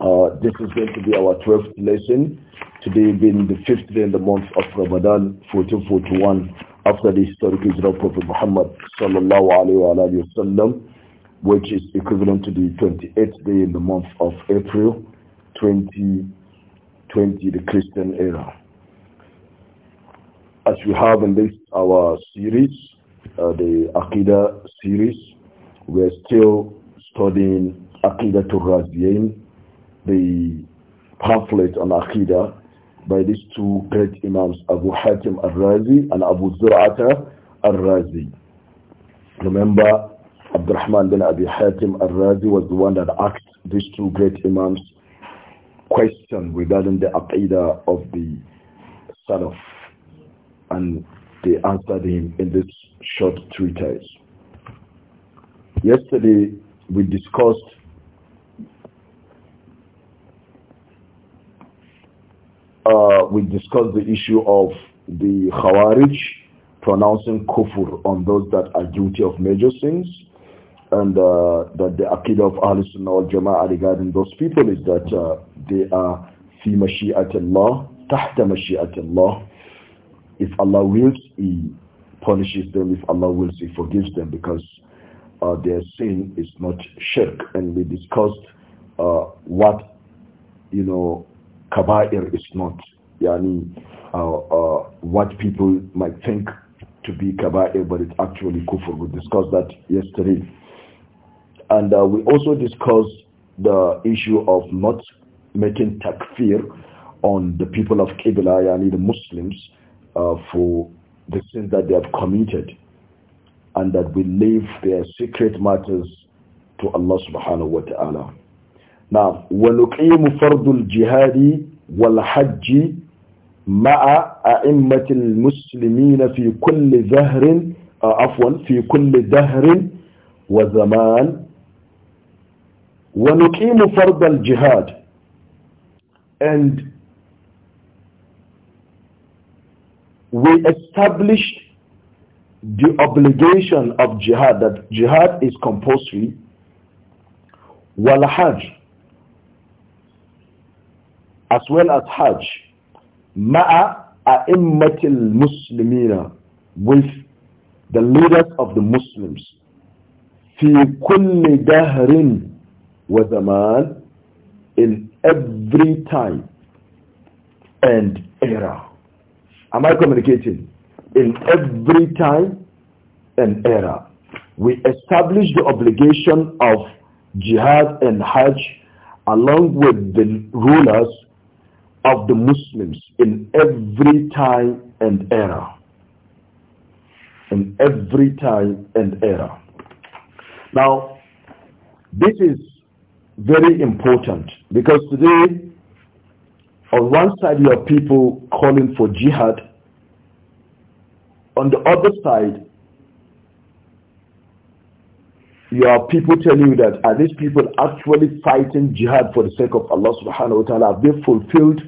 Uh, this is going to be our 12th lesson, today being the fifth day in the month of Ramadan 1441 after the historic Israel Prophet Muhammad sallallahu alayhi wa sallam, which is equivalent to the 28th day in the month of April 2020, the Christian era. As we have in this our series, uh, the Akida series, we are still studying Akida to Raziyain, the pamphlet on Aqidah by these two great Imams, Abu Hatim al-Razi and Abu Zur'ata al-Razi. Remember, Abdurrahman bin Abi Hatim al-Razi was the one that asked these two great Imams question regarding the Aqidah of the Salaf. And they answered him in this short treatise. Yesterday, we discussed uh, we discussed the issue of the Khawarij pronouncing kufr on those that are guilty of major sins and uh, that the aqidah of Ahl Sunnah wal Jama'ah regarding those people is that uh, they are fi mashi'atillah, tahta mashi'atillah. If Allah wills, He punishes them. If Allah wills, He forgives them because uh, their sin is not shirk. And we discussed uh, what, you know, kaba'ir is not yani uh, uh, what people might think to be kaba'ir, but it's actually kufr. We discussed that yesterday. And uh, we also discussed the issue of not making takfir on the people of Qibla, yani the Muslims, uh, for the sins that they have committed. And that we leave their secret matters to Allah subhanahu wa ta'ala. نعم ونقيم فرض الجهاد والحج مع أئمة المسلمين في كل ذهر آه، عفوا في كل دهر وزمان ونقيم فرض الجهاد and we established the obligation of jihad that jihad is compulsory والحج as well as Hajj, ma'a a'immatil muslimina, with the leaders of the Muslims, fi kulli dahrin wa zaman, in every time and era. Am I communicating? In every time and era. We establish the obligation of jihad and hajj along with the rulers of the Muslims in every time and era. In every time and era. Now, this is very important because today, on one side you have people calling for jihad. On the other side, your people telling you that are these people actually fighting jihad for the sake of Allah subhanahu wa ta'ala? Have they fulfilled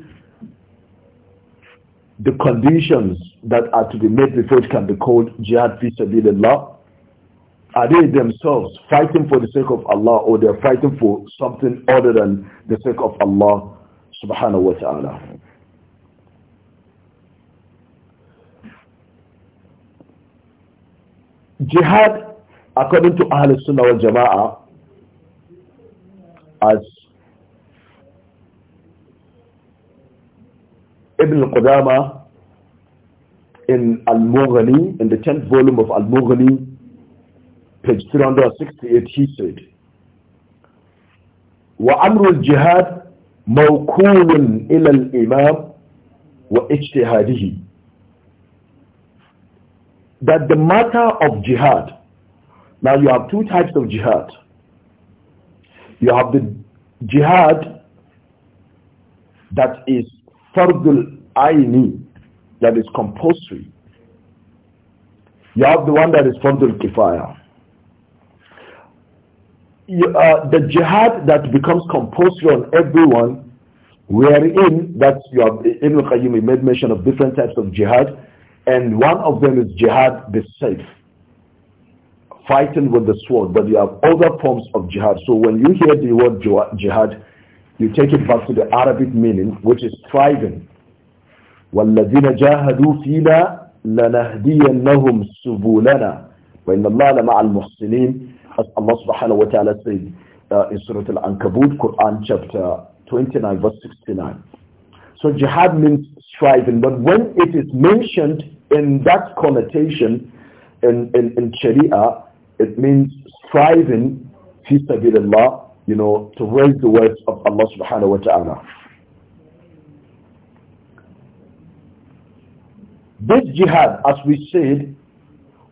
the conditions that are to be met before it can be called jihad fi sabilillah? Are they themselves fighting for the sake of Allah or they're fighting for something other than the sake of Allah subhanahu wa ta'ala? Jihad according to Ahl Sunnah wal Jama'ah, as Ibn Qudama in Al-Mughni, in the 10th volume of Al-Mughni, page 368, he said, وأمر الجهاد موكول إلى الإمام واجتهاده that the matter of jihad now you have two types of jihad. You have the jihad that is fardul aini, that is compulsory. You have the one that is fardul kifaya. You, uh, the jihad that becomes compulsory on everyone, wherein that you have Ibn Qayyim made mention of different types of jihad, and one of them is jihad the safe fighting with the sword, but you have other forms of jihad. So when you hear the word jihad, you take it back to the Arabic meaning, which is striving. وَالَّذِينَ جَاهَدُوا فِينَا لَنَهْدِيَنَّهُمْ سُبُولَنَا وَإِنَّ اللَّهَ لَمَعَ الْمُحْسِنِينَ As Allah subhanahu wa ta'ala said uh, in Surah Al-Ankabut, Quran chapter 29 verse 69. So jihad means striving, but when it is mentioned in that connotation in, in, in Sharia, it means striving fi sabilillah, you know, to raise the words of Allah subhanahu wa ta'ala. This jihad, as we said,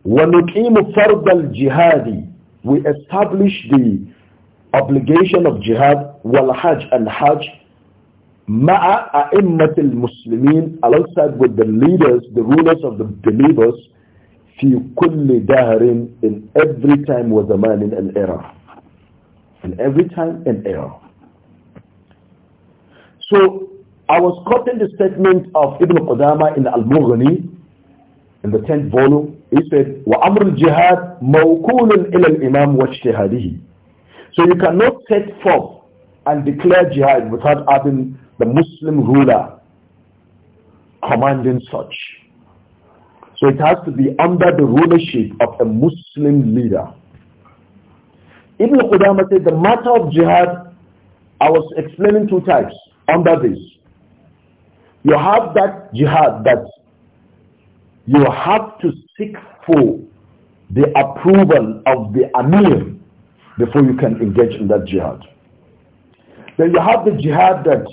وَنُقِيمُ فَرْضَ الْجِهَادِ We establish the obligation of jihad, wal-hajj and hajj, مَعَ أَئِمَّةِ الْمُسْلِمِينَ Alongside with the leaders, the rulers of the believers, في كل دهر in every time was a man in an error. In every time an error. So I was quoting the statement of Ibn Qudama in Al-Mughni in the 10th volume. He said, وَأَمْرُ الْجِهَادِ مَوْكُولٌ imam wa وَاجْتِهَادِهِ So you cannot set forth and declare jihad without having the Muslim ruler commanding such. So it has to be under the rulership of a Muslim leader. Ibn Qudama said the matter of jihad, I was explaining two types under this. You have that jihad that you have to seek for the approval of the Amir before you can engage in that jihad. Then you have the jihad that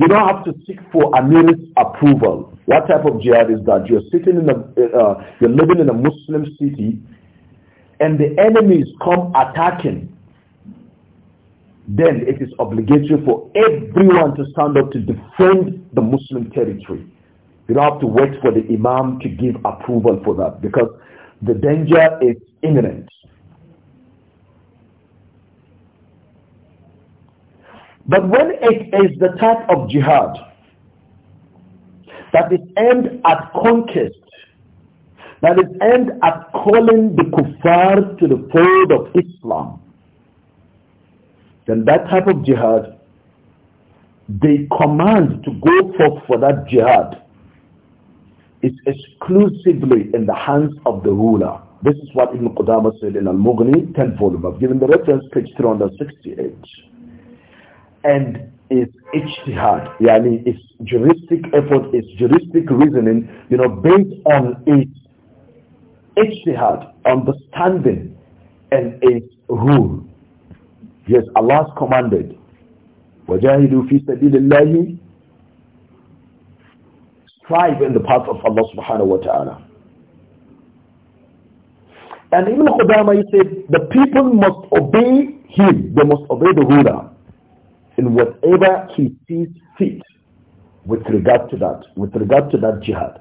you don't have to seek for Amir's approval. What type of jihad is that? You're sitting in a, uh, you're living in a Muslim city, and the enemies come attacking. Then it is obligatory for everyone to stand up to defend the Muslim territory. You don't have to wait for the Imam to give approval for that because the danger is imminent. But when it is the type of jihad that is aimed at conquest, that is aimed at calling the kuffar to the fold of Islam, then that type of jihad, the command to go forth for that jihad is exclusively in the hands of the ruler. This is what Ibn Qudama said in Al-Mughni, 10th volume. I've given the reference, page 368 and is ijtihad, yani it's juristic effort, it's juristic reasoning, you know, based on its ijtihad, understanding, and its rule. Yes, Allah's commanded, وَجَاهِدُوا فِي سَبِيلِ اللَّهِ Strive in the path of Allah subhanahu wa ta'ala. And Ibn Khudama, he said, the people must obey him, they must obey the ruler in whatever he sees fit with regard to that, with regard to that jihad.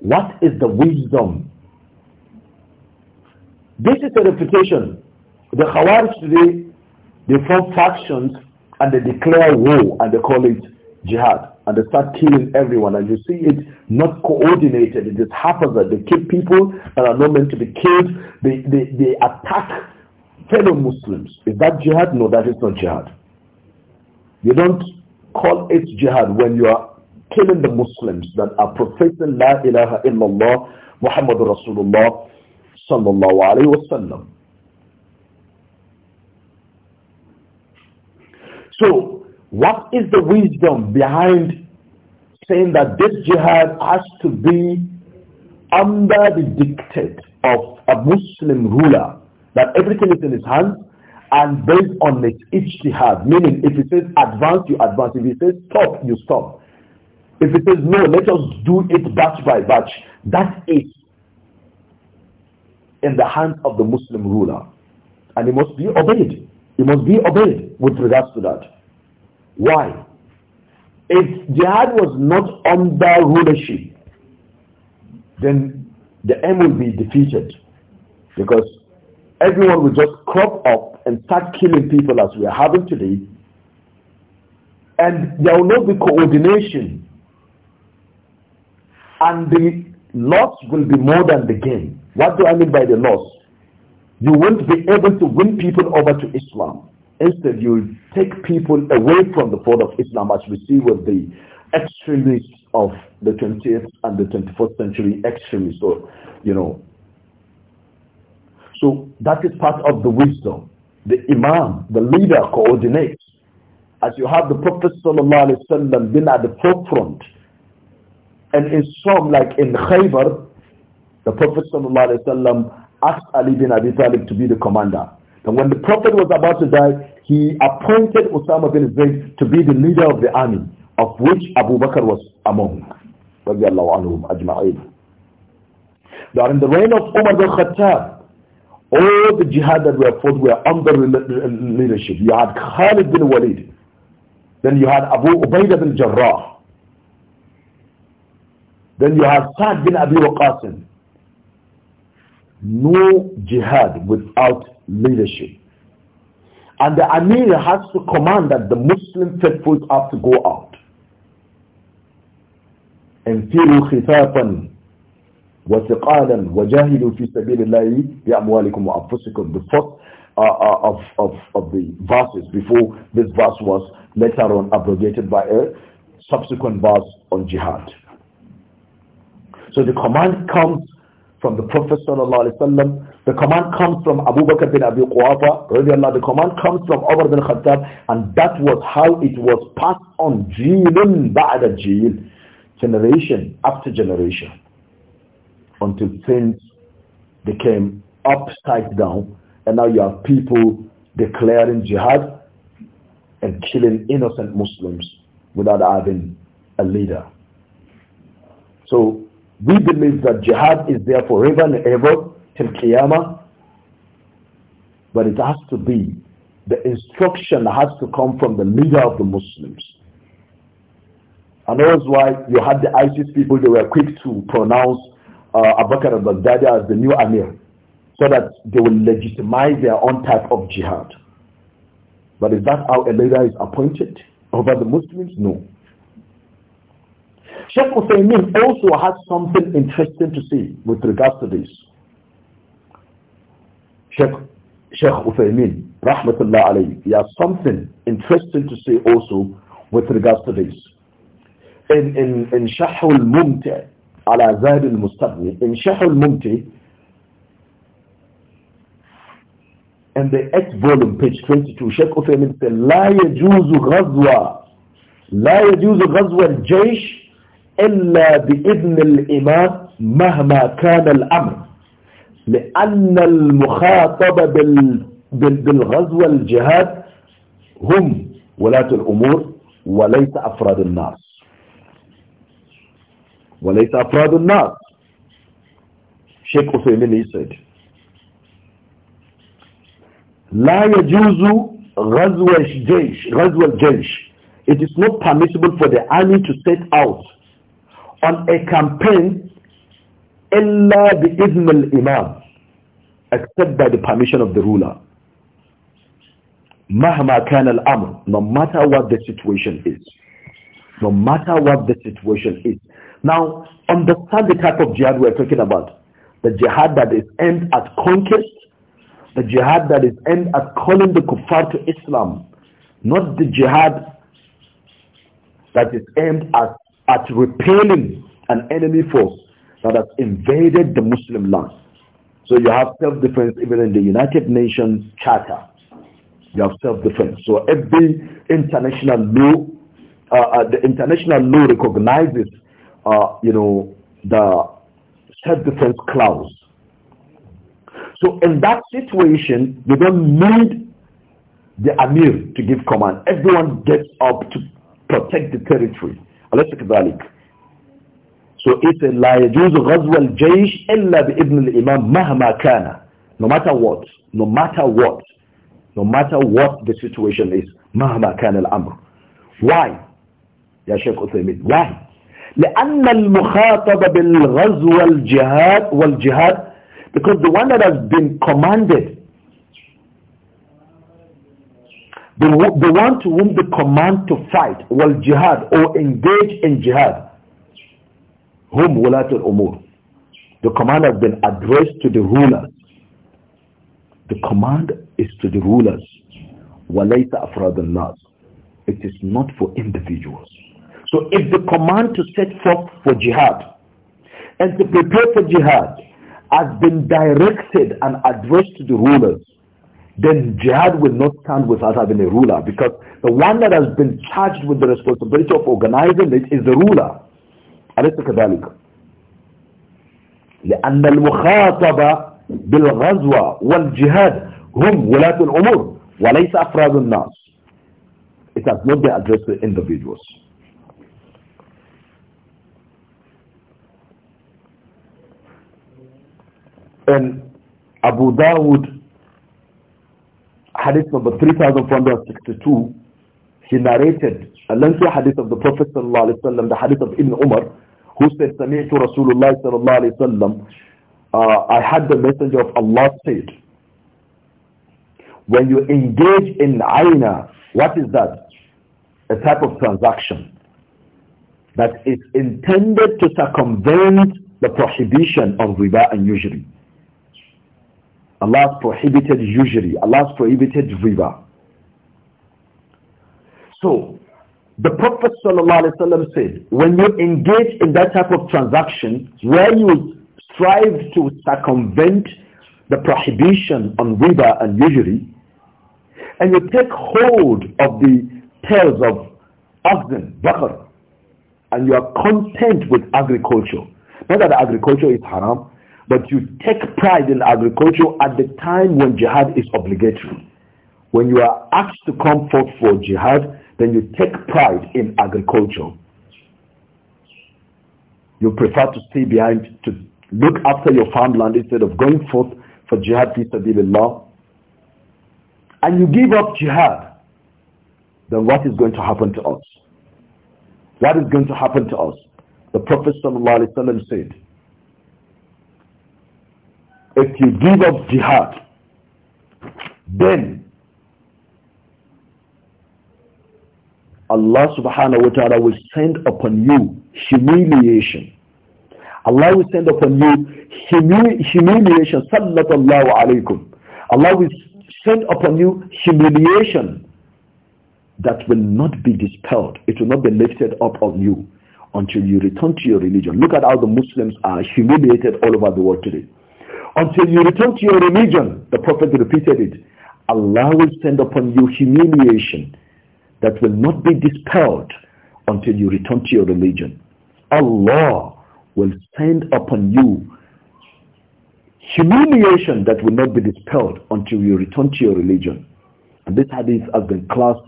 What is the wisdom? This is a reputation. The Khawarij today, they form factions and they declare war and they call it jihad and they start killing everyone and you see it not coordinated it just happens that they kill people that are not meant to be killed they, they, they attack fellow Muslims is that jihad? no that is not jihad you don't call it jihad when you are killing the Muslims that are professing La ilaha illallah Muhammad Rasulullah sallallahu alayhi wasallam. So what is the wisdom behind saying that this jihad has to be under the dictate of a Muslim ruler, that everything is in his hands, and based on it, ijtihad, meaning if it says advance, you advance. If it says stop, you stop. If it says no, let us do it batch by batch. That is in the hands of the Muslim ruler. And it must be obeyed. It must be obeyed with regards to that. Why? If jihad was not under rulership, then the aim will be defeated. Because everyone will just crop up and start killing people as we are having today, and there will not be coordination, and the loss will be more than the gain. What do I mean by the loss? You won't be able to win people over to Islam. Instead, you'll take people away from the fold of Islam as we see with the extremists of the 20th and the 21st century extremists. So, you know, so that is part of the wisdom the imam, the leader coordinates. As you have the Prophet ﷺ been at the forefront. And in some, like in Khaybar, the Prophet ﷺ asked Ali bin Abi Talib to be the commander. And when the Prophet was about to die, he appointed Osama bin Zayd to be the leader of the army, of which Abu Bakr was among. Anhum, are in the reign of Umar bin Khattab, all the jihad that were fought were under leadership. You had Khalid bin Walid. Then you had Abu Ubaidah bin Jarrah. Then you had Sa'd bin Abi Waqasim. No jihad without leadership. And the Amir has to command that the Muslim faithful have to go out. And firu khifafan وَتِقَالًا وَجَاهِدُوا فِي سَبِيلِ اللَّهِ بِأَمْوَالِكُمْ وَأَنفُسِكُمْ The first uh, uh, of, of, of the verses before this verse was later on abrogated by a subsequent verse on jihad. So the command comes from the Prophet sallallahu alaihi wasallam. The command comes from Abu Bakr bin Abi Quwafa, the command comes from Umar bin Khattab, and that was how it was passed on, jilun ba'da jil, generation after generation until things became upside down and now you have people declaring jihad and killing innocent Muslims without having a leader. So we believe that jihad is there forever and ever till Qiyamah, but it has to be, the instruction has to come from the leader of the Muslims. And that is why you had the ISIS people, they were quick to pronounce uh, Abu Bakr al-Baghdadi as the new Amir so that they will legitimize their own type of jihad. But is that how a leader is appointed over the Muslims? No. Sheikh Uthaymeen also has something interesting to say with regards to this. Sheikh, Sheikh Uthaymin, rahmatullah alayhi, he has something interesting to say also with regards to this. In, in, in Shahul Mumti' على زاد المستقبل انشح الممتع and the eighth volume page 22 Sheikh Uthaymeen said لا يجوز غزوة لا يجوز غزوة الجيش إلا بإذن الإمام مهما كان الأمر لأن المخاطب بال بالغزو الجهاد هم ولاة الأمور وليس أفراد الناس وَلَيْسَ أَفْرَادُ النَّاسِ Sheikh Uthaymini said, لَا يَجُوزُ غَزْوَ الْجَيْشِ غَزْوَ الْجَيْشِ It is not permissible for the army to set out on a campaign إِلَّا بِإِذْنِ الْإِمَامِ except by the permission of the ruler. Mahma al no matter what the situation is. No matter what the situation is. Now, understand the type of jihad we're talking about. The jihad that is aimed at conquest, the jihad that is aimed at calling the kuffar to Islam, not the jihad that is aimed at, at repelling an enemy force that has invaded the Muslim land. So you have self-defense even in the United Nations Charter. You have self-defense. So every international law, uh, uh, the international law recognizes you know, the self-defense clause. So in that situation, they don't need the Amir to give command. Everyone gets up to protect the territory. So it's a لا يجوز غزو الجيش إلا بإذن الإمام مهما كان. No matter what, no matter what, no matter what the situation is, مهما كان الأمر. Why? يا شيخ أثيمين, why? لأن المخاطب بالغزو والجهاد والجهاد because the one that has been commanded the, the one to whom the command to fight والجهاد or engage in jihad هم ولاة الأمور the command has been addressed to the rulers the command is to the rulers وليس أفراد الناس it is not for individuals so if the command to set forth for jihad and to prepare for jihad has been directed and addressed to the rulers, then jihad will not stand without having a ruler because the one that has been charged with the responsibility of organizing it is the ruler. لأن المخاطبة بالغزوة والجهاد هم ولاة الأمور وليس أفراد الناس. It has not been addressed to individuals. and Abu Dawud, hadith number 3462, he narrated a lengthy hadith of the Prophet sallallahu wasallam, the hadith of Ibn Umar, who said, "Sami'tu Rasulullah sallallahu alaihi wasallam." Uh, I had the messenger of Allah said, "When you engage in aina, what is that? A type of transaction that is intended to circumvent the prohibition of riba and usury." Allah's prohibited usury, Allah's prohibited riba. So, the Prophet ﷺ said, when you engage in that type of transaction, where you strive to circumvent the prohibition on riba and usury, and you take hold of the tails of oxen, bakr, and you are content with agriculture. Not that agriculture is haram, but you take pride in agriculture at the time when jihad is obligatory. When you are asked to come forth for jihad, then you take pride in agriculture. You prefer to stay behind to look after your farmland instead of going forth for jihad the law. And you give up jihad, then what is going to happen to us? What is going to happen to us? The Prophet ﷺ said, if you give up jihad, then Allah subhanahu wa ta'ala will send upon you humiliation. Allah will send upon you humiliation. Sallallahu alaykum. Allah will send upon you humiliation that will not be dispelled. It will not be lifted up on you until you return to your religion. Look at how the Muslims are humiliated all over the world today until you return to your religion. The Prophet repeated it. Allah will send upon you humiliation that will not be dispelled until you return to your religion. Allah will send upon you humiliation that will not be dispelled until you return to your religion. And this hadith has been classed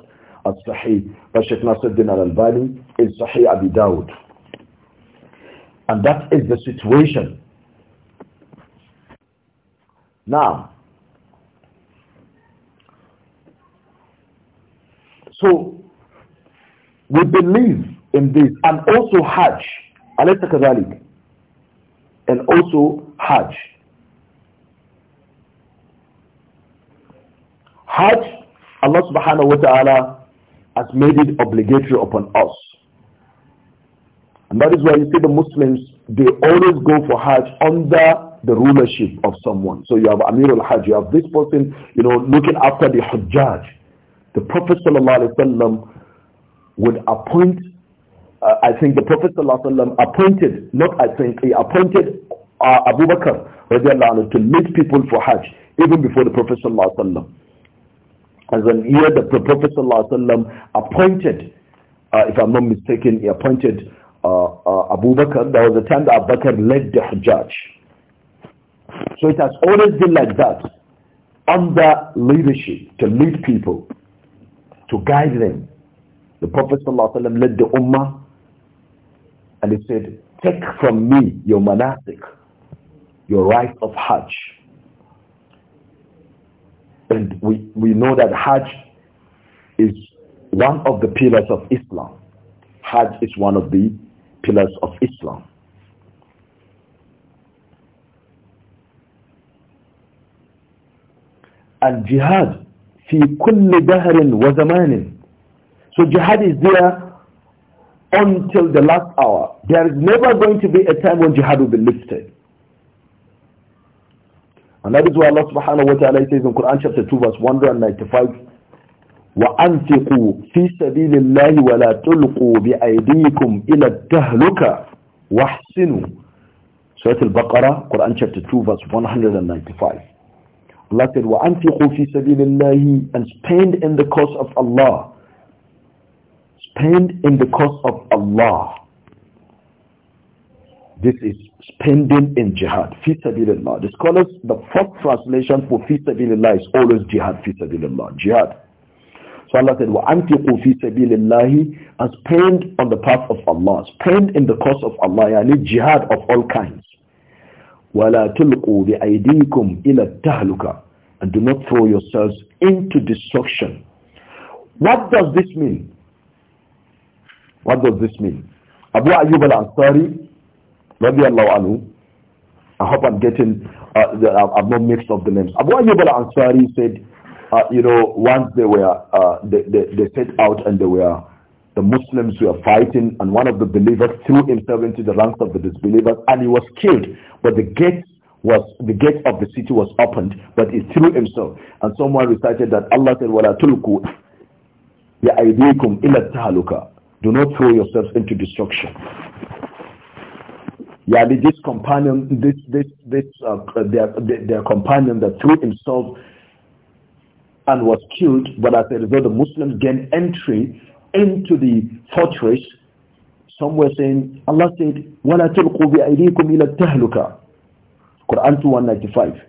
as Sahih by Sheikh Nasruddin al-Albani in Sahih Abi Dawud. And that is the situation now, so we believe in this and also Hajj, Alayhi Kazalik, and also Hajj. Hajj, Allah subhanahu wa ta'ala has made it obligatory upon us. And that is why you see the Muslims, they always go for Hajj under the rulership of someone. So you have Amir al-Hajj, you have this person, you know, looking after the Hajjaj. The Prophet ﷺ would appoint, uh, I think the Prophet ﷺ appointed, not I think, he appointed uh, Abu Bakr anhu, to lead people for Hajj, even before the Prophet ﷺ. As an year that the Prophet ﷺ appointed, uh, if I'm not mistaken, he appointed uh, uh, Abu Bakr. There was a time that Abu Bakr led the Hajj. So it has always been like that under leadership to lead people, to guide them. The Prophet ﷺ led the Ummah and he said, take from me your monastic, your right of Hajj. And we, we know that Hajj is one of the pillars of Islam. Hajj is one of the pillars of Islam. الجهاد jihad كل دهر وزمان So jihad is there until the last hour. There is never going to be a time when jihad will be lifted. And that is why Allah subhanahu wa ta'ala says in Quran chapter 2 verse 195, وأنفقوا في سبيل الله ولا تلقوا بأيديكم إلى التهلكة واحسنوا Al-Baqarah, Quran chapter 2 verse 195 Allah said, وَأَنْفِقُوا فِي سَبِيلِ اللَّهِ And spend in the cause of Allah. Spend in the cause of Allah. This is spending in jihad. Fi sabilillah. The scholars, the first translation for fi sabilillah is always jihad, fi sabilillah. Jihad. So Allah said, وَأَنْفِقُوا فِي سَبِيلِ اللَّهِ And spend on the path of Allah. Spend in the cause of Allah. Yani jihad of all kinds. وَلَا تُلْقُوا بِأَيْدِيكُمْ إِلَى التَّهْلُكَ And do not throw yourselves into destruction. What does this mean? What does this mean? Abu Ayyub al-Ansari, radiallahu anhu, I hope I'm getting, uh, I've not mixed up the names. Abu Ayyub al-Ansari said, uh, you know, once they were, uh, they, they, they set out and they were the Muslims were fighting and one of the believers threw himself into the ranks of the disbelievers and he was killed. But the gate was the gate of the city was opened, but he threw himself. And someone recited that Allah said, Wala tulku ila tahaluka. Do not throw yourselves into destruction. Yeah, this companion, this this this uh, their, their companion that threw himself and was killed, but as a result, the Muslims gained entry into the fortress, some were saying, Allah said, وَلَا bi بِأَيْدِيكُمْ إِلَى tahluka." Quran 2.195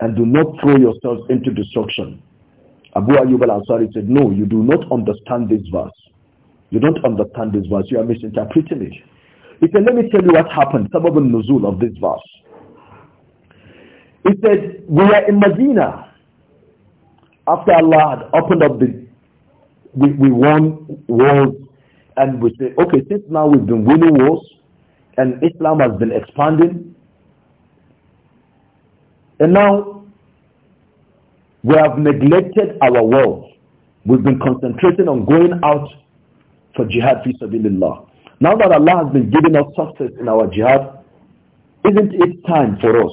And do not throw yourselves into destruction. Abu Ayyub al-Ansari said, no, you do not understand this verse. You don't understand this verse. You are misinterpreting it. He said, let me tell you what happened, Some of al-nuzul of this verse. He said, we are in Medina. After Allah had opened up the we, we won wars and we say, okay, since now we've been winning wars and Islam has been expanding, and now we have neglected our world. We've been concentrating on going out for jihad fi sabilillah. Now that Allah has been giving us success in our jihad, isn't it time for us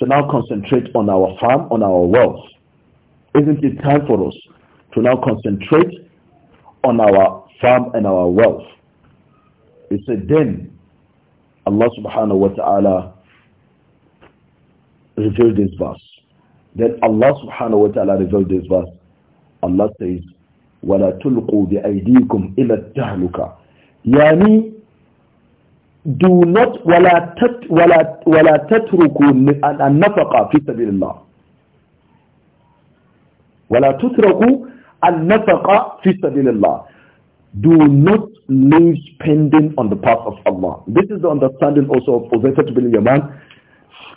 to now concentrate on our farm, on our wealth? Isn't it time for us to now concentrate on our farm and our wealth. He said then Allah subhanahu wa ta'ala revealed this verse. Then Allah subhanahu wa ta'ala revealed this verse. Allah says, وَلَا تُلْقُوا بِأَيْدِيكُمْ إِلَى التَّهْلُكَ يعني do not ولا تت ولا ولا تتركوا النفقة في سبيل الله ولا تتركوا النفقة في سبيل الله do not leave pending on the path of Allah. This is the understanding also of Uzayfat bin Yaman.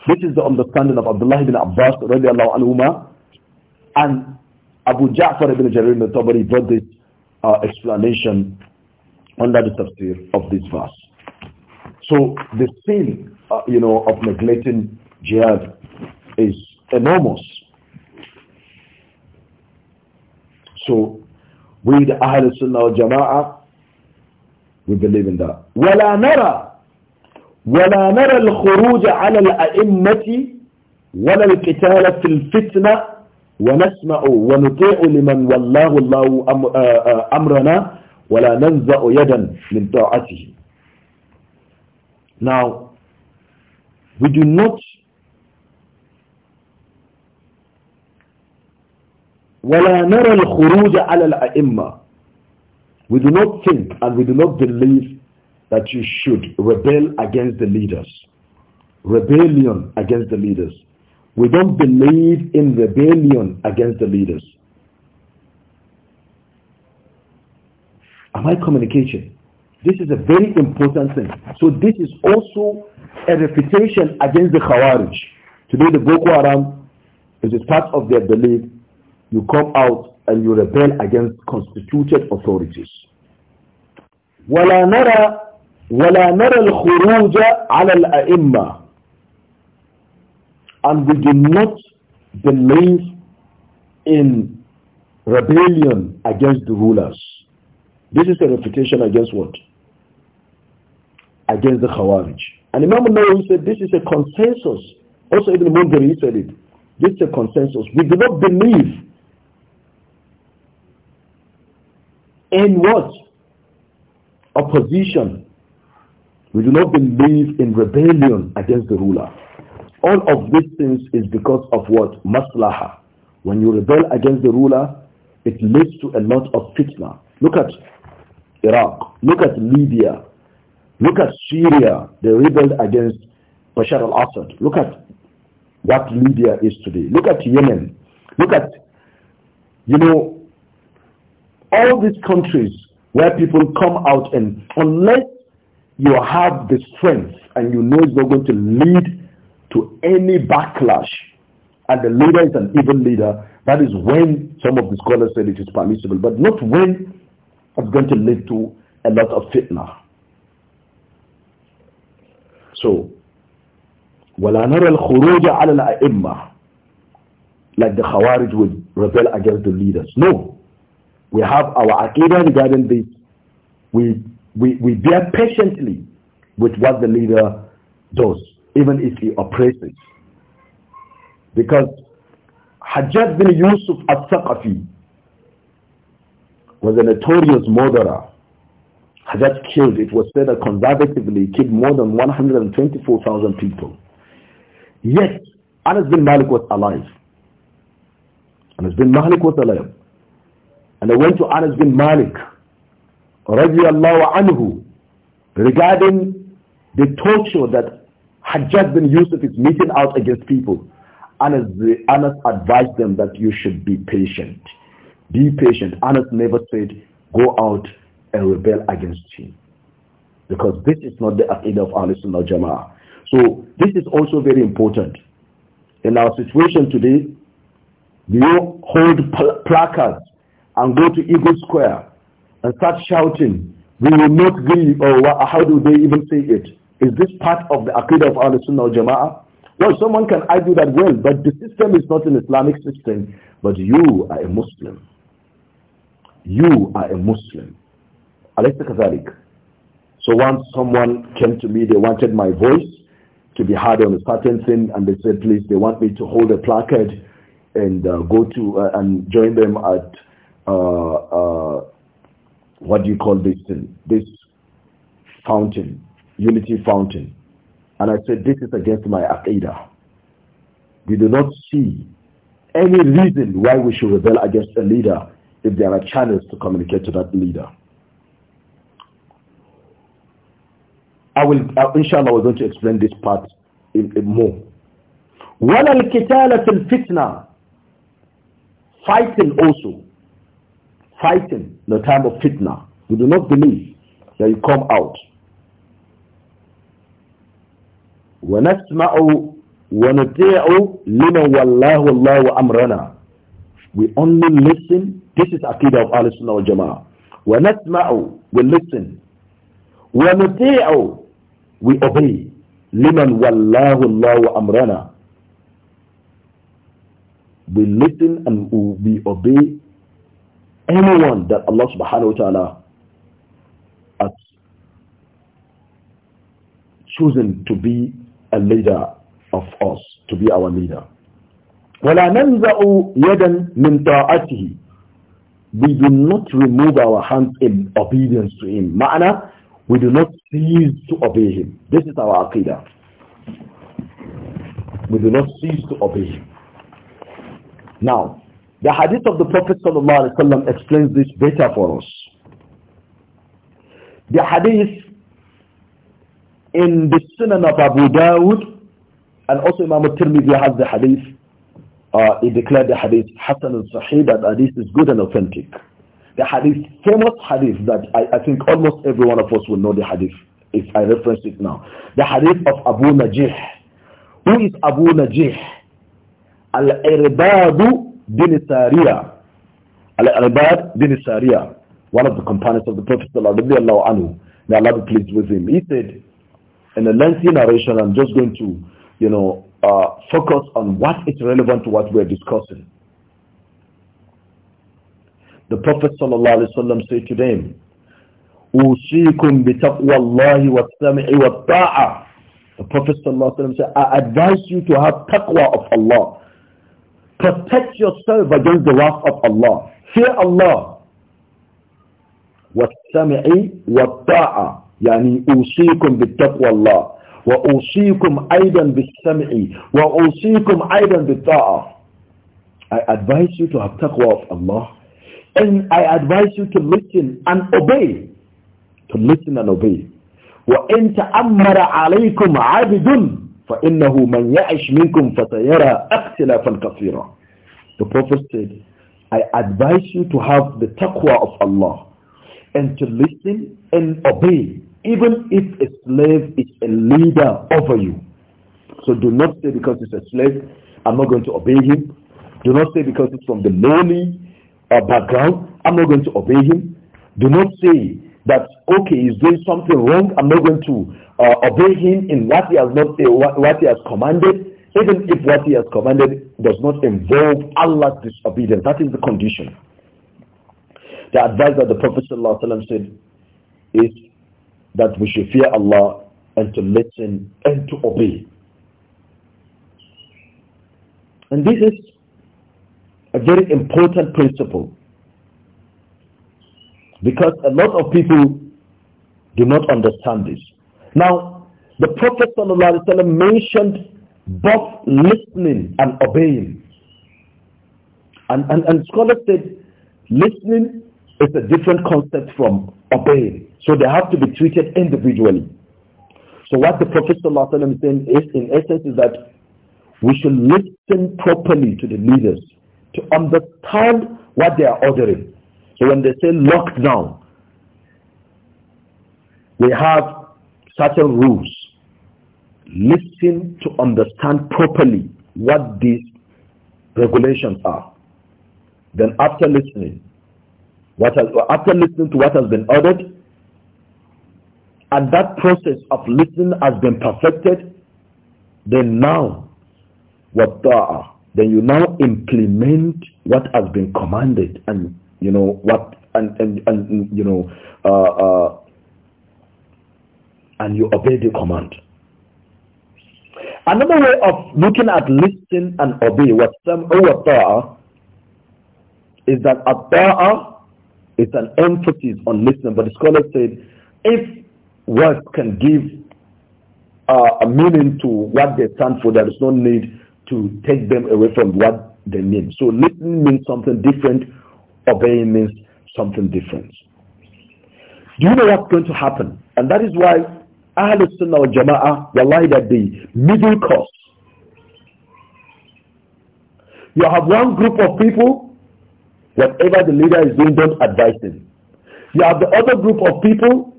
This is the understanding of Abdullah ibn Abbas radiallahu anhuma. And Abu Ja'far ibn Jarir al-Tabari brought this uh, explanation under the tafsir of this verse. So the sin, uh, you know, of neglecting jihad is enormous. So we the Ahl Sunnah wal Jama'ah, we believe in that. ولا نرى ولا نرى الخروج على الأئمة ولا القتال في الفتنة ونسمع ونطيع لمن والله الله آه، آه، أمرنا ولا ننزع يدا من طاعته. Now, we do not وَلَا نَرَى الْخُرُوجَ عَلَى الْأَئِمَّةِ We do not think and we do not believe that you should rebel against the leaders. Rebellion against the leaders. We don't believe in rebellion against the leaders. Am I communicating? This is a very important thing. So this is also a refutation against the Khawarij. Today the Boko Haram is a part of their belief you come out and you rebel against constituted authorities. ولا نرى ولا نرى الخروج على الأئمة and we do not believe in rebellion against the rulers. This is a refutation against what? Against the Khawarij. And Imam Nawawi said this is a consensus. Also Ibn Mundari said it. This is a consensus. We do not believe in what? Opposition. We do not believe in rebellion against the ruler. All of these things is because of what? Maslaha. When you rebel against the ruler, it leads to a lot of fitna. Look at Iraq. Look at Libya. Look at Syria. They rebelled against Bashar al-Assad. Look at what Libya is today. Look at Yemen. Look at, you know, all these countries where people come out and unless you have the strength and you know it's not going to lead to any backlash and the leader is an evil leader, that is when some of the scholars said it is permissible, but not when it's going to lead to a lot of fitna. So, وَلَا نَرَى الْخُرُوجَ عَلَى الْأَئِمَّةِ Like the Khawarij would rebel against the leaders. No, we have our aqidah regarding this. We, we, we bear patiently with what the leader does, even if he oppresses. Because Hajjaj bin Yusuf al-Saqafi was a notorious murderer. Hajjaj killed, it was said that conservatively, killed more than 124,000 people. Yet, Anas bin Malik was alive. Anas bin Malik was alive. And I went to Anas bin Malik anhu regarding the torture that Hajjaj bin Yusuf is meeting out against people. Anas, Anas advised them that you should be patient. Be patient. Anas never said, go out and rebel against him. Because this is not the aqidah of Ahl-Sunnah Jama'ah. So this is also very important. In our situation today, we hold pl placards and go to Eagle Square and start shouting, we will not give, or how do they even say it? Is this part of the Aqidah of Al-Sunnah or Jama'ah? Well, someone can argue that, well, but the system is not an Islamic system, but you are a Muslim. You are a Muslim. Alexa Kazalik. So once someone came to me, they wanted my voice to be heard on a certain thing, and they said, please, they want me to hold a placard and uh, go to uh, and join them at uh, uh, what do you call this thing? This fountain, unity fountain. And I said, this is against my aqidah. We do not see any reason why we should rebel against a leader if there are channels to communicate to that leader. I will, uh, inshallah, I was going to explain this part in, in more. وَلَا الكتالة فِي الْفِتْنَةِ Fighting also fighting the time of fitna. We do not believe that you come out. We only listen. This is Aqidah of Ahlul Sunnah wal Jama'ah. وَنَسْمَعُ We listen. وَنُطِيعُ We obey. Liman وَاللَّهُ allahu amrana. We listen and we obey anyone that Allah subhanahu wa ta'ala has chosen to be a leader of us, to be our leader. وَلَا نَنْزَعُ يَدًا مِنْ طَاعَتِهِ We do not remove our hands in obedience to him. Ma'ana, we do not cease to obey him. This is our aqidah. We do not cease to obey him. Now, the hadith of the Prophet ﷺ explains this better for us. The hadith in the Sunan of Abu Dawud and also Imam al-Tirmidhi has the hadith. Uh, he declared the hadith Hassan al-Sahih that hadith is good and authentic. The hadith, famous hadith that I, I think almost every one of us will know the hadith if I reference it now. The hadith of Abu Najih. Who is Abu Najih? Al-Irbadu bin Al-Ibad bin one of the companions of the Prophet Sallallahu anhu, may Allah be pleased with him. He said, in a lengthy narration, I'm just going to, you know, uh, focus on what is relevant to what we're discussing. The Prophet Sallallahu Alaihi Wasallam said to them, أوصيكم بتقوى الله والسمع والطاعة The Prophet Wasallam said, I advise you to have taqwa of Allah Protect yourself against the wrath of Allah. Fear Allah. وَالسَّمِعِ وَالطَّاعَ يعني أوصيكم بالتقوى الله وأوصيكم أيضا بالسمع وأوصيكم أيضا بالطاعة I advise you to have taqwa of Allah and I advise you to listen and obey to listen and obey وإن تأمر عليكم عبد فَإِنَّهُ مَنْ يَعِشْ مِنْكُمْ فَسَيَرَى أَخْتِلَافًا كَثِيرًا The Prophet said, I advise you to have the taqwa of Allah and to listen and obey even if a slave is a leader over you. So do not say because it's a slave, I'm not going to obey him. Do not say because it's from the lowly uh, background, I'm not going to obey him. Do not say that, okay, he's doing something wrong, I'm not going to uh, obey him in what he has not, uh, what, what he has commanded, even if what he has commanded does not involve Allah's disobedience. That is the condition. The advice that the Prophet wasallam said is that we should fear Allah and to listen and to obey. And this is a very important principle because a lot of people do not understand this. Now, the Prophet ﷺ mentioned both listening and obeying. And, and, and scholars said listening is a different concept from obeying. So they have to be treated individually. So what the Prophet ﷺ is saying is, in essence is that we should listen properly to the leaders to understand what they are ordering. So when they say lockdown, they have certain rules. Listen to understand properly what these regulations are. Then after listening, what has, after listening to what has been ordered, and that process of listening has been perfected, then now, what uh, then you now implement what has been commanded and you know what and and, and you know uh, uh, and you obey the command another way of looking at listen and obey what some ta'ah is that a ta'ah is an emphasis on listening but the scholar said if words can give uh, a meaning to what they stand for there is no need to take them away from what they mean so listening means something different obeying means something different. Do you know what's going to happen? And that is why al Sunnah wal Jama'ah, wallahi that the middle course. You have one group of people, whatever the leader is doing, don't advise him. You have the other group of people,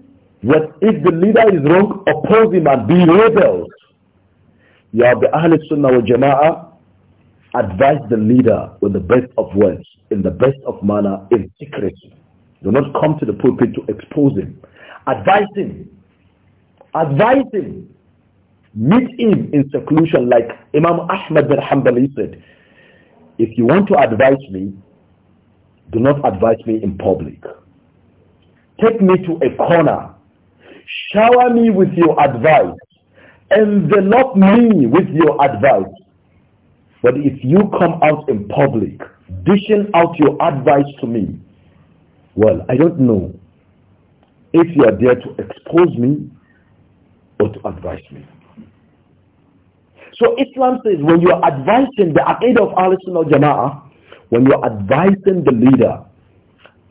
that if the leader is wrong, oppose him and be rebels. You have the al Sunnah wal Jama'ah, Advise the leader with the best of words, in the best of manner, in secret. Do not come to the pulpit to expose him. Advise him. Advise him. Meet him in seclusion like Imam Ahmad bin Hanbali said, if you want to advise me, do not advise me in public. Take me to a corner. Shower me with your advice. Envelop me with your advice. But if you come out in public dishing out your advice to me, well, I don't know if you are there to expose me or to advise me. So Islam says when you are advising the Aqidah of Ahl-Sunnah Jama'ah, when you are advising the leader,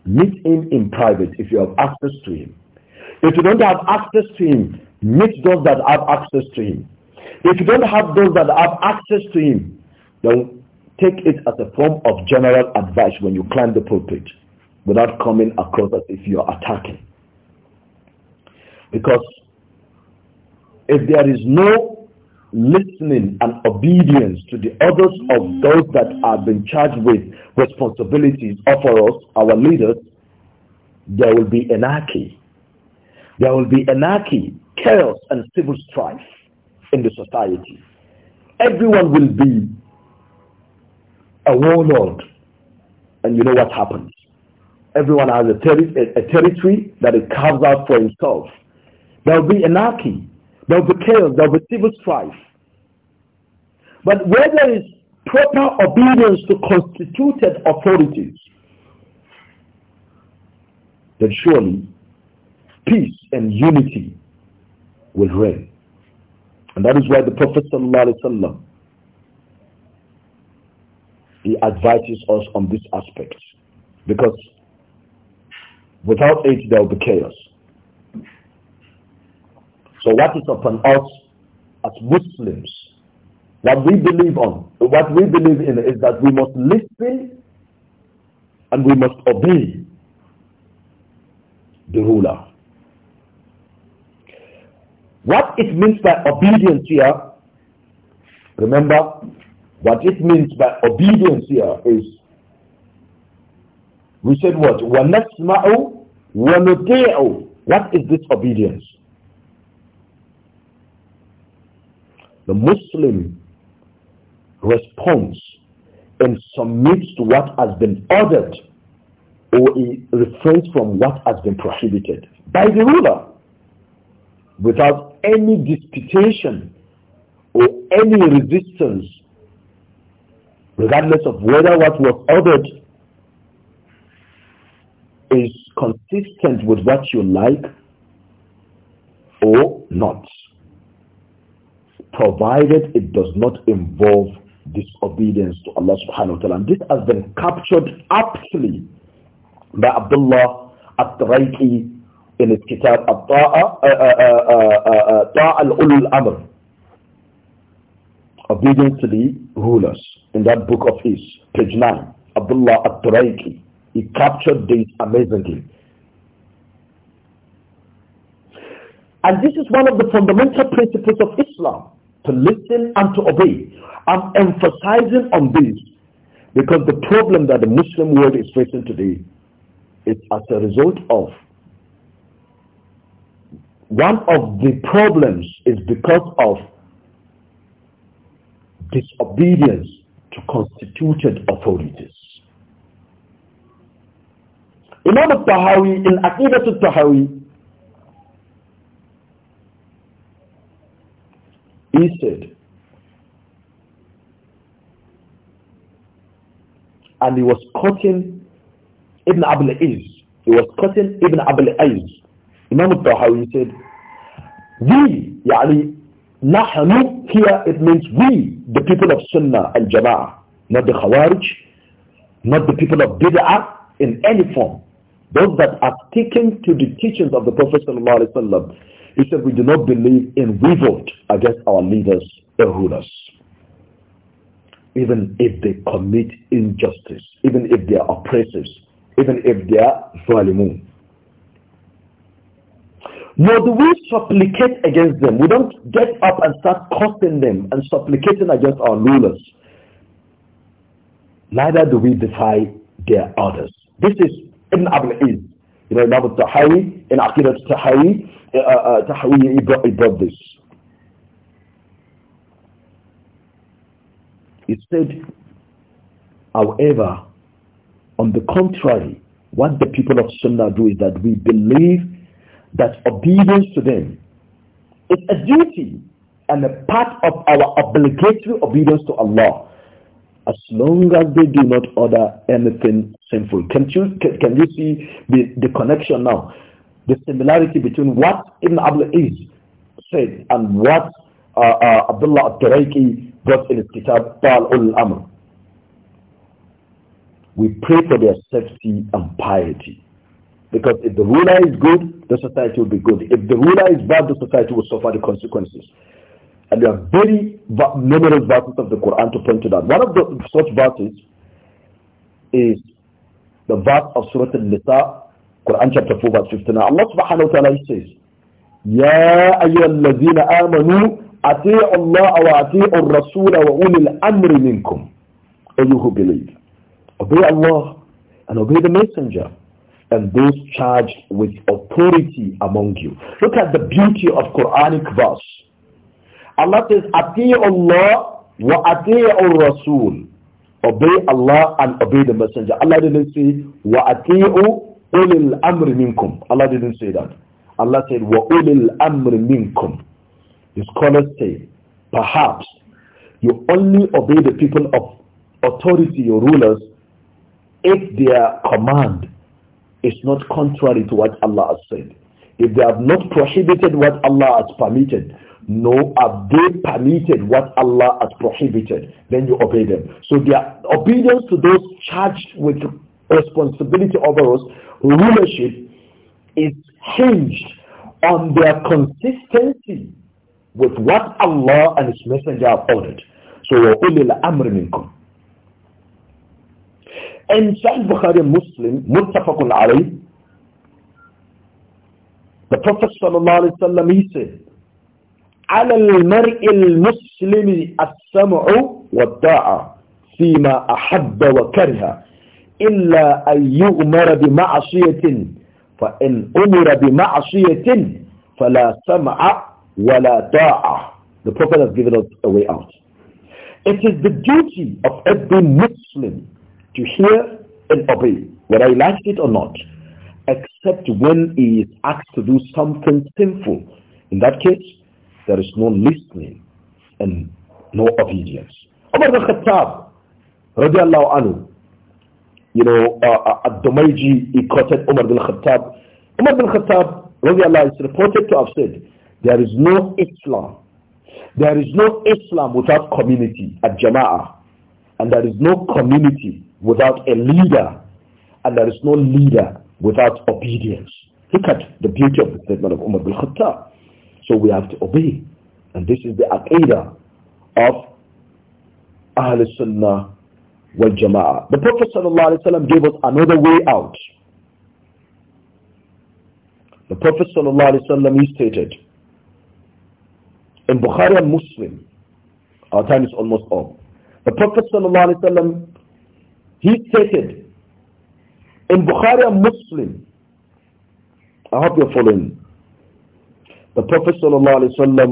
meet him in private if you have access to him. If you don't have access to him, meet those that have access to him. If you don't have those that have access to him, then take it as a form of general advice when you climb the pulpit without coming across as if you are attacking. Because if there is no listening and obedience to the others of those that are being charged with responsibilities of us, our leaders, there will be anarchy. There will be anarchy, chaos, and civil strife in the society. Everyone will be a warlord. And you know what happens. Everyone has a, a, a territory that it carves out for himself. There'll be anarchy. There'll be chaos. There'll be civil strife. But where there is proper obedience to constituted authorities, then surely peace and unity will reign. And that is why the Prophet sallallahu alaihi wasallam he advises us on this aspect. Because without it, there will be chaos. So what is upon us as Muslims, what we believe on, what we believe in is that we must listen and we must obey the ruler. What it means by obedience here, remember, what it means by obedience here is, we said what? وَنَسْمَعُ وَنُطِيعُ What is this obedience? The Muslim responds and submits to what has been ordered or he refrains from what has been prohibited by the ruler without any disputation or any resistance regardless of whether what was ordered is consistent with what you like or not, provided it does not involve disobedience to Allah subhanahu wa ta'ala. And this has been captured aptly by Abdullah at-Raiki in his kitab uh, uh, uh, Ta'a al-Ulul Amr obedience to the rulers in that book of his, page 9. Abdullah al he captured this amazingly. And this is one of the fundamental principles of Islam, to listen and to obey. I'm emphasizing on this because the problem that the Muslim world is facing today is as a result of one of the problems is because of disobedience to constituted authorities. Imam al-Tahawi, in Aqidat al-Tahawi, he said, and he was cutting Ibn Abul Aziz. He was cutting Ibn Abul Aziz. Imam al-Tahawi said, we, yani Nahnu here it means we, the people of Sunnah and Jama'ah, not the Khawarij, not the people of Bid'ah in any form. Those that are sticking to the teachings of the Prophet Sallallahu He said, we do not believe in revolt against our leaders and rulers. Even if they commit injustice, even if they are oppressors, even if they are zalimun. Nor do we supplicate against them. We don't get up and start cursing them and supplicating against our rulers. Neither do we defy their orders. This is Ibn Abul Iz. You know, Ibn al-Tahawi, in Aqidat al-Tahawi, uh, uh, uh, Tahawi, he brought, brought this. He said, however, on the contrary, what the people of Sunnah do is that we believe that obedience to them is a duty and a part of our obligatory obedience to Allah as long as they do not order anything sinful. Can you, can, you see the, the connection now? The similarity between what Ibn Abdullah is said and what uh, uh, Abdullah al-Taraiki got in his kitab Ta'al Amr. We pray for their safety and piety. Because if the ruler is good, the society will be good. If the ruler is bad, the society will suffer the consequences. And there are very numerous verses of the Quran to point to that. One of the, such verses is the verse of Surah Al-Nisa, Quran chapter 4 verse 59. Allah subhanahu wa ta'ala says, يَا أَيُّهَا الَّذِينَ آمَنُوا أَطِيعُوا اللَّهَ wa الرَّسُولَ وَأُولِي الْأَمْرِ مِنكُمْ O you who believe, obey Allah and obey the messenger and those charged with authority among you. Look at the beauty of Quranic verse. Allah says, Allah wa ati'ur Rasul. Obey Allah and obey the messenger. Allah didn't say, wa ulil amri minkum. Allah didn't say that. Allah said, wa ulil amri minkum. The scholars say, perhaps you only obey the people of authority, your rulers, if their command is not contrary to what Allah has said. If they have not prohibited what Allah has permitted, no, have they permitted what Allah has prohibited, then you obey them. So their obedience to those charged with responsibility over us, rulership, is hinged on their consistency with what Allah and His Messenger have ordered. So, وَأُولِي الْأَمْرِ مِنْكُمْ And Sahih Bukhari Muslim, muttafaqun alayh, the Prophet sallallahu alayhi wa sallam, he said, على المرء المسلم السمع والطاعة فيما أحب وكره إلا أن يؤمر بمعصية فإن أمر بمعصية فلا سمع ولا طاعة The Prophet has given us a way out. It is the duty of every Muslim to hear and obey, whether he likes it or not, except when he is asked to do something sinful. In that case, there is no listening and no obedience. Umar bin Khattab, radiallahu anhu, you know, uh, uh at Domaiji, he quoted Umar bin Khattab. Umar bin Khattab, radiallahu is reported to have said, there is no Islam. There is no Islam without community at Jama'ah. And there is no community without a leader, and there is no leader without obedience. Look at the beauty of the statement of Umar bin Khattab. So we have to obey. And this is the aqidah of Ahl Sunnah wal Jama'ah. The Prophet ﷺ gave us another way out. The Prophet ﷺ he stated in Bukhari and Muslim, our time is almost up. The Prophet ﷺ He stated in Bukhari and Muslim, I hope you're following, the Prophet sallallahu alaihi wasallam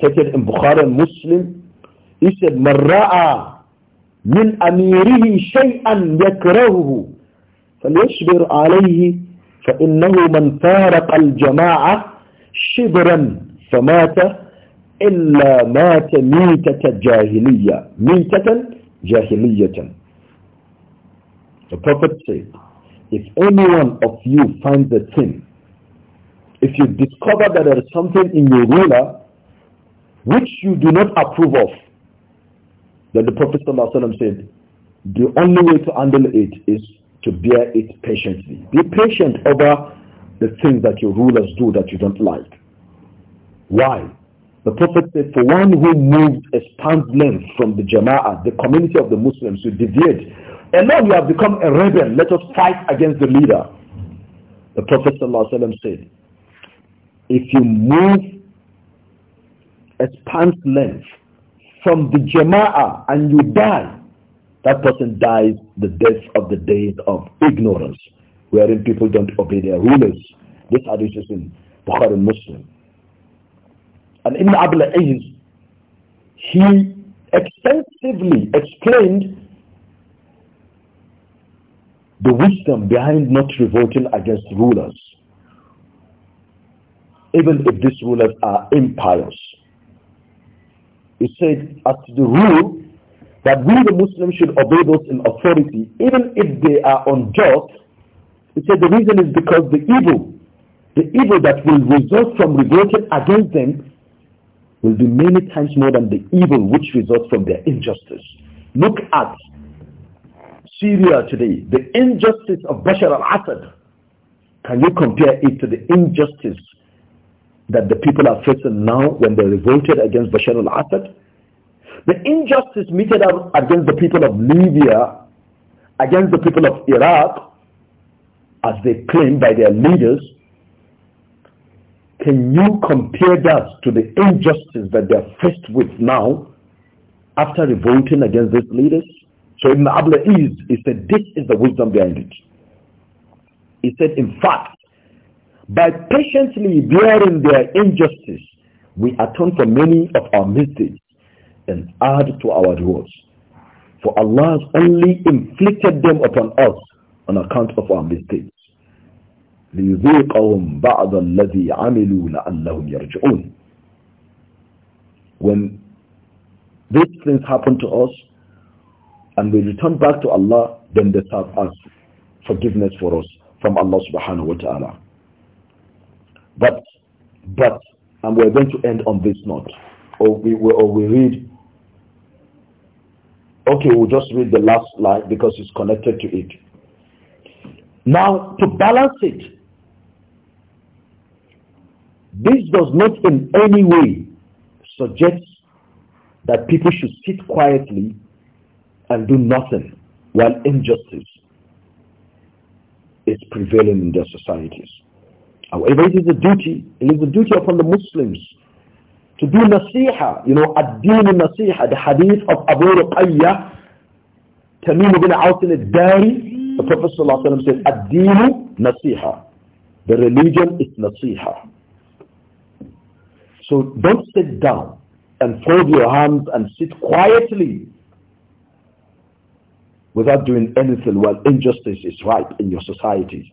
stated in Bukhari and Muslim, he said, مَنْ رَأَى مِنْ أَمِيرِهِ شَيْئًا يَكْرَهُهُ فَلْيَشْبِرْ عَلَيْهِ فَإِنَّهُ مَنْ فَارَقَ الْجَمَاعَةِ شِبْرًا فَمَاتَ إِلَّا مَاتَ مِيتَةَ جَاهِلِيَّةً ميتة جاهلية The Prophet said, if any one of you finds a sin, if you discover that there is something in your ruler which you do not approve of, then the Prophet said, the only way to handle it is to bear it patiently. Be patient over the things that your rulers do that you don't like. Why? The Prophet said, for one who moved a span's length from the Jama'ah, the community of the Muslims who deviate and now you have become a rebel. Let us fight against the leader. The Prophet ﷺ said, if you move a span's length from the jama'ah and you die, that person dies the death of the day of ignorance, wherein people don't obey their rulers. This hadith is in Bukhari Muslim. And Ibn Abul Aziz, he extensively explained the wisdom behind not revolting against rulers, even if these rulers are impious. he said, as to the rule that we the Muslims should obey those in authority, even if they are unjust, He said the reason is because the evil, the evil that will result from revolting against them will be many times more than the evil which results from their injustice. Look at Syria today, the injustice of Bashar al-Assad, can you compare it to the injustice that the people are facing now when they revolted against Bashar al-Assad? The injustice meted out against the people of Libya, against the people of Iraq, as they claim by their leaders, can you compare that to the injustice that they are faced with now after revolting against these leaders? So Ibn Abla is, he said, this is the wisdom behind it. He said, in fact, by patiently bearing their injustice, we atone for many of our misdeeds and add to our rewards. For Allah has only inflicted them upon us on account of our misdeeds. لِيُذِيقَهُمْ بَعْضَ الَّذِي عَمِلُوا يَرْجِعُونَ When these things happen to us, and we return back to Allah, then they serve us forgiveness for us from Allah subhanahu wa ta'ala. But, but, and we're going to end on this note, or we, or we read, okay, we'll just read the last line because it's connected to it. Now, to balance it, this does not in any way suggest that people should sit quietly and do nothing while injustice is prevailing in their societies. However, it is a duty, it is a duty upon the Muslims to do nasiha, you know, ad-din nasiha, the hadith of Abu Ruqayya, Tamim ibn Awsin al-Dari, the Prophet ﷺ said, ad-din nasiha, the religion is nasiha. So don't sit down and fold your hands and sit quietly without doing anything while injustice is ripe in your society.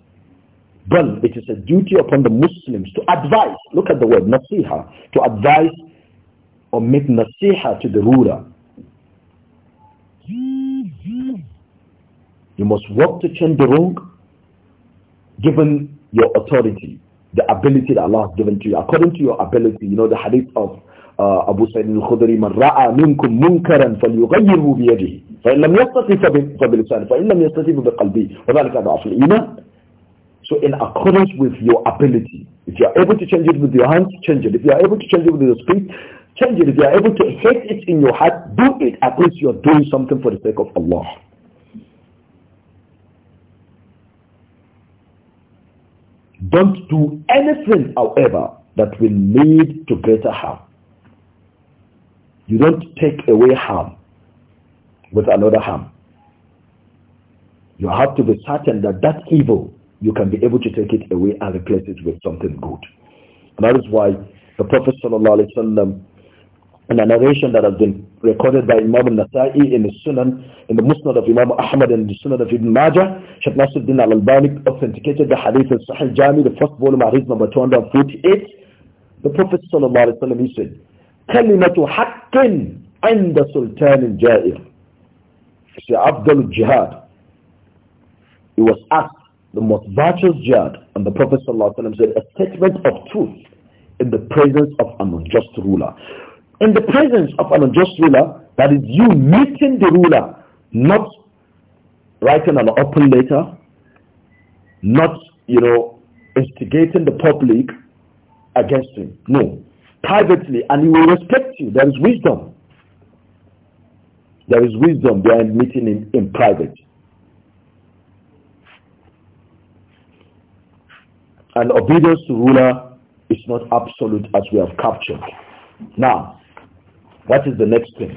But it is a duty upon the Muslims to advise, look at the word nasiha, to advise or make nasiha to the ruler. You must work to change the wrong given your authority, the ability that Allah has given to you. According to your ability, you know the hadith of أبو سعيد الخدري من رأى منكم منكرا فليغيره بيده فإن لم يستطع فبلسانه فإن لم يستطع بقلبه وذلك ضعف الإيمان So in accordance with your ability, if you are able to change it with your hands, change it. If you are able to change it with your speech, change it. If you are able to hate it in your heart, do it. At least you are doing something for the sake of Allah. Don't do anything, however, that will lead to greater harm. You don't take away harm with another harm. You have to be certain that that evil, you can be able to take it away and replace it with something good. And that is why the Prophet Wasallam in a narration that has been recorded by Imam al-Nasa'i in the Sunan, in the Musnad of Imam Ahmad and the Sunan of Ibn Majah, Shaykh Nasruddin al-Albani authenticated the hadith of Sahih Jami, the first volume, hadith number 248. The Prophet ﷺ, he said, كلمة حق حق عند سلطان جائر It's the Abdul Jihad. It was asked the most virtuous jihad and the Prophet ﷺ said a statement of truth in the presence of an unjust ruler. In the presence of an unjust ruler, that is you meeting the ruler, not writing an open letter, not, you know, instigating the public against him. No privately and he will respect you. There is wisdom. There is wisdom behind meeting in in private. And obedience to ruler is not absolute as we have captured. Now, what is the next thing?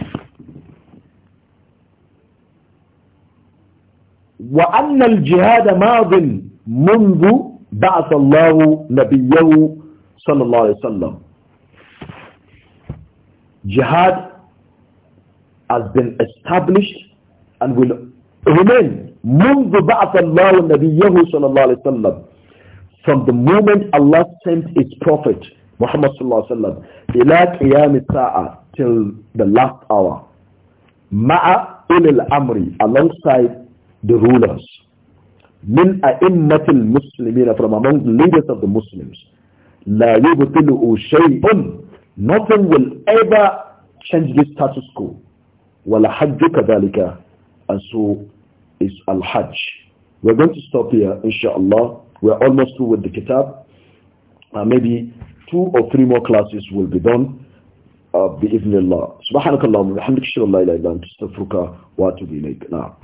وأن الجهاد ماض منذ بعث الله نبيه صلى الله عليه وسلم Jihad has been established and will remain منذ بعث الله نبيه صلى الله عليه وسلم from the moment Allah sent his prophet Muhammad صلى الله عليه وسلم إلى قيام الساعة till the last hour مع أولي الأمر alongside the rulers من أئمة المسلمين from among the leaders of the Muslims لا يبطل شيء Nothing will ever change this status quo. وَالْحَجُّ كَذَلِكَ And so is Al-Hajj. We're going to stop here, inshallah. We're almost through with the kitab. Uh, maybe two or three more classes will be done. Uh, بإذن الله سبحانك اللهم وبحمدك أشهد أن لا إله إلا أنت أستغفرك وأتوب إليك نعم